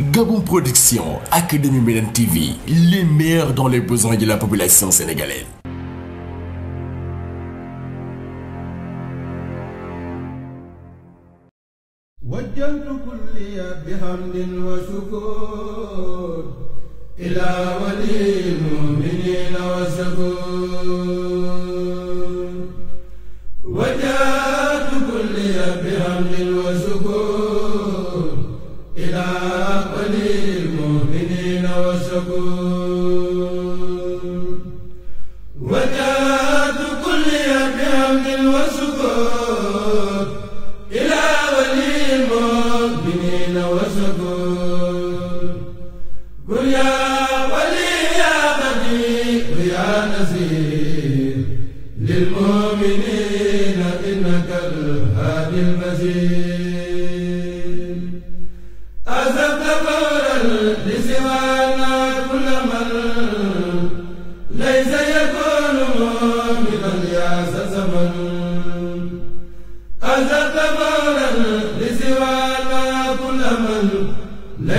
Gabon Production ak Darou TV les dans les besoins de la population sénégalaise. wajjantu kulliya bihamdin wa shukur ila wali Aziz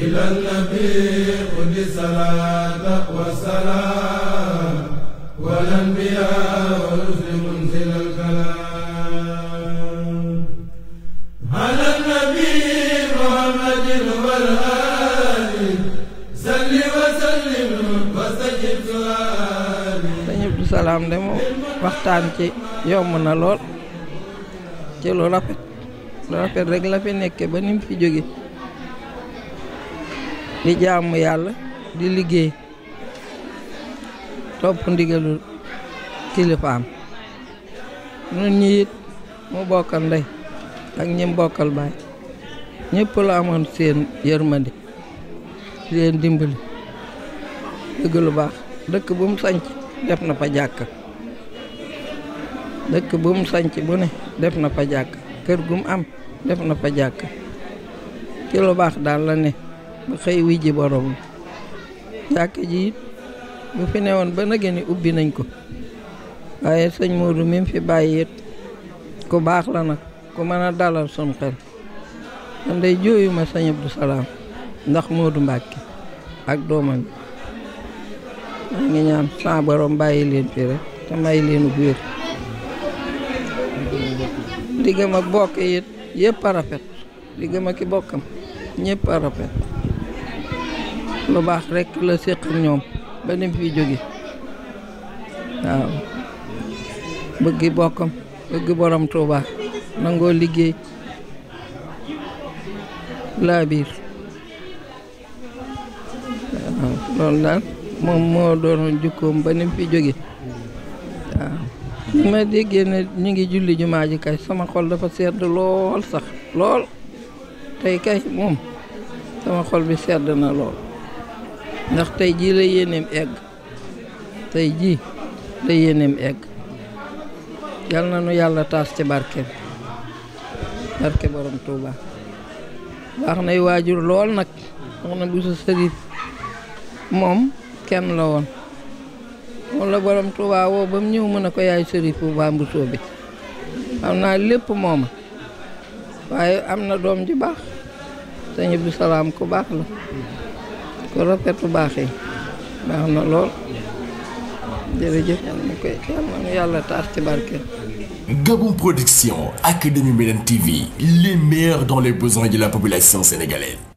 إلى النبي قل صلاة والسلام والأنبياء والرسل منزل الكلام على النبي محمد والآل صل وسلم وسجد سؤالي sëñ Abdou Salam de moom waxtaan ci yomb na lool ci lu rafet lu rafet rek la fi nekkee ba ni mu fi jóge di jaamu yàlla di liggéey topp ndigalul kilifaam ñun ñi mu bokkal ndey ak ñim bokkal baay ñëpp la amoon seen yërmande di leen dimbali dëgg dëkk bu sanc def na fa dëkk bu sanc bu ne def na fa kër gum am def na fa jàkk ci lu la ne ba xëy wuy ji borom jàkk ji bu fi newoon ba nag ubbi nañ ko waaye sëñ Modou mi fi bàyyi it ku baax la nag ku mën a dalal sun xel man day Salaam ndax Modou Mbacke ak doomam maa ngi ñaan sa borom bàyyi leen fi rek te may leen wér diggam ak bokk it yëpp a rafet diggam ak i bokkam ñëpp a rafet lu baax rekk la séq ñoom ba ni fi jóge waaw bëggi bokkam bëggi borom Tuuba nangoo liggéey laa biir waaw daal moom moo doon jukkoom ba ni fi jóge waaw ñu ma déggee ne ñu ngi julli jumaa ji sama xol dafa sedd lool sax lool tey kay moom sama xol bi sedd na lool ndax tey jii la yéeneem egg tey jii la yéeneem egg yal na nu yàlla taas ci barke bi barke borom Touba baax nay waajur lool nag wax na bu sa moom kenn la woon moom la borom Touba woo ba mu ñëw mën a ko yaay sëriñ Touba Mbousso bi xam naa lépp mooma waaye am na doom ju baax sëñ Abdou Salaam ku baax la ku rafetu baax yi baax na lool jërëjëf yàlla na koy yàlla na ci barke. Gabon Production Académie Médine TV les meilleurs dans les besoins de la population sénégalaise.